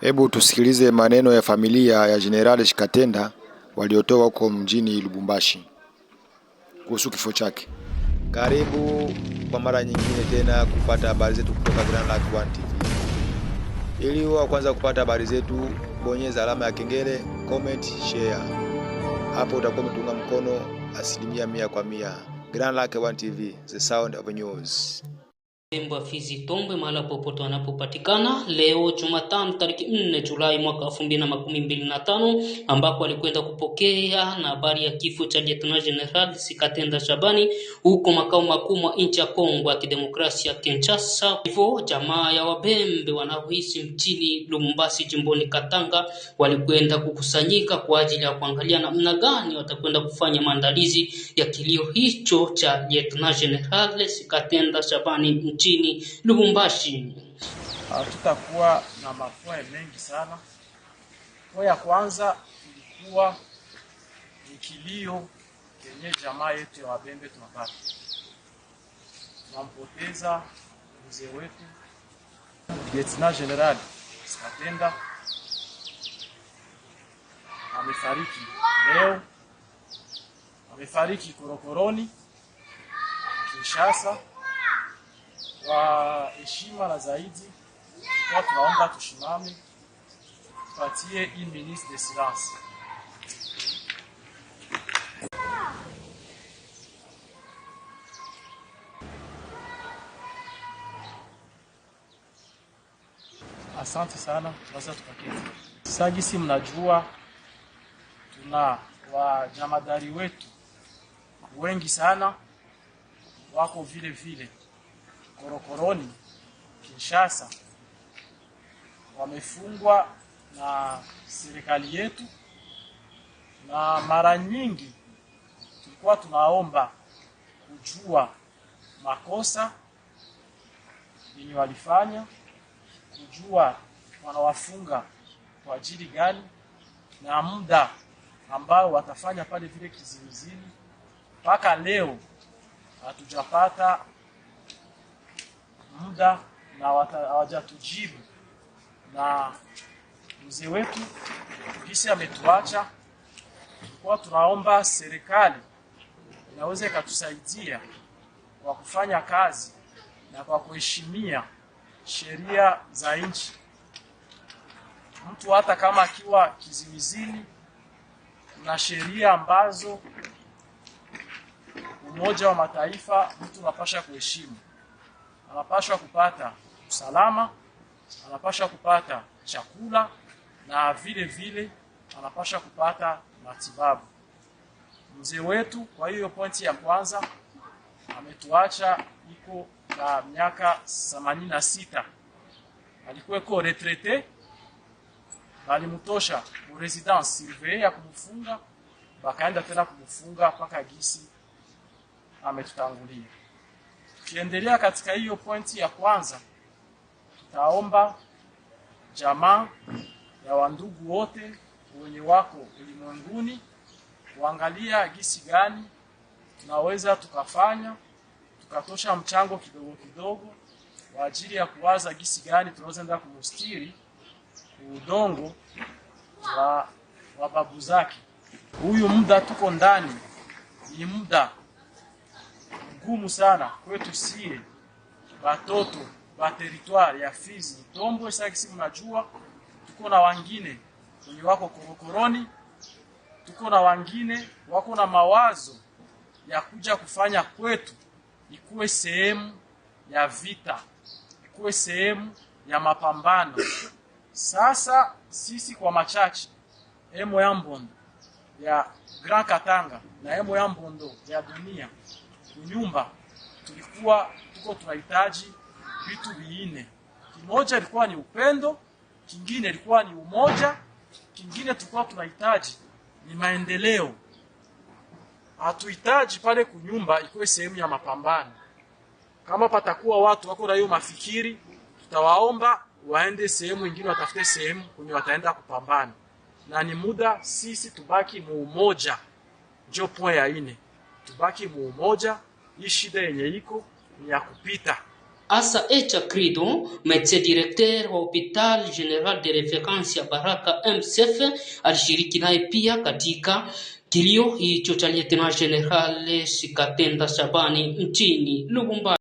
Hebu tusikilize maneno ya familia ya Jenerali Shikatenda waliotoka huko mjini Lubumbashi kuhusu kifo chake. Karibu kwa mara nyingine tena kupata habari zetu kutoka Grand Lac One TV. Ili wa kwanza kupata habari zetu, bonyeza alama ya kengele, comment, share. Hapo utakuwa umetunga mkono asilimia mia kwa mia. Grand Lac One TV, the sound of news. Tembo Fizi Itombwe mahala popote wanapopatikana leo Jumatano tariki 4 Julai mwaka 2025 ambako alikwenda kupokea na habari ya kifo cha Lieutenant General Sikatenda Shabani huko makao makuu mwa nchi ya Kongo ya Kidemokrasia Kinshasa. Hivyo jamaa ya Wabembe wanaoishi mchini Lumbasi jimboni Katanga walikwenda kukusanyika kwa ajili ya kuangalia namna gani watakwenda kufanya maandalizi ya kilio hicho cha Lieutenant General Sikatenda Shabani mjini Lubumbashi. Tutakuwa na mafua mengi sana. Kwa ya kwanza ilikuwa ni kilio kenye jamaa yetu ya Wabembe tunabaki tunampoteza mzee wetu Lieutenant General Skatenda amefariki leo, amefariki korokoroni Kinshasa wa heshima na zaidi, kwa tunaomba tushimame, tupatie in minute de silence. Asante sana, tunaweza tukaketi. Sasa mnajua, tuna wajamadari wetu wengi sana wako vile vile korokoroni Kinshasa wamefungwa na serikali yetu, na mara nyingi tulikuwa tunaomba kujua makosa yenye walifanya, kujua wanawafunga kwa ajili gani na muda ambao watafanya pale vile kizuizini. Mpaka leo hatujapata muda na hawajatujibu, na mzee wetu jinsi ametuacha, kwa tunaomba serikali inaweza ikatusaidia kwa kufanya kazi na kwa kuheshimia sheria za nchi. Mtu hata kama akiwa kizimizini na sheria ambazo Umoja wa Mataifa mtu unapasha kuheshimu anapashwa kupata usalama, anapashwa kupata chakula na vile vile anapaswa kupata matibabu. Mzee wetu, kwa hiyo pointi ya kwanza ametuacha iko na miaka themanini na sita alikuweko retrete, balimutosha mu residence ya kumfunga, bakaenda tena kumfunga mpaka gisi ametutangulia. Tukiendelea katika hiyo pointi ya kwanza, tutaomba jamaa ya wandugu wote wenye wako ulimwenguni kuangalia gisi gani tunaweza tukafanya tukatosha mchango kidogo kidogo kwa ajili ya kuwaza gisi gani tunaweza enda kumustiri udongo wa, wa babu zake. Huyu muda tuko ndani ni muda ngumu sana kwetu sie watoto wa territoire ya Fizi Tombo. Sasa mnajua tuko na wengine wenye wako korokoroni, tuko na wengine wako na mawazo ya kuja kufanya kwetu ikuwe sehemu ya vita, ikuwe sehemu ya mapambano. Sasa sisi kwa machache emo ya mbondo ya Grand Katanga na emo ya mbondo ya dunia nyumba tulikuwa tuko tunahitaji vitu viine Kimoja ilikuwa ni upendo, kingine ilikuwa ni umoja, kingine tulikuwa tunahitaji ni maendeleo. Hatuhitaji pale kunyumba ikuwe sehemu ya mapambano. Kama patakuwa watu wako na hiyo mafikiri, tutawaomba waende sehemu ingine watafute sehemu kwenye wataenda kupambana, na ni muda sisi tubaki muumoja. Ndio point ya ine tubaki muumoja. Hii shida yenye iko ni ya kupita. Asa Echa crido medecin directeur wa Hopital General de Reference ya Baraka MSF, alishiriki naye pia katika kilio hicho cha Lieutenant General sikatenda Shabani nchini Lubumbashi.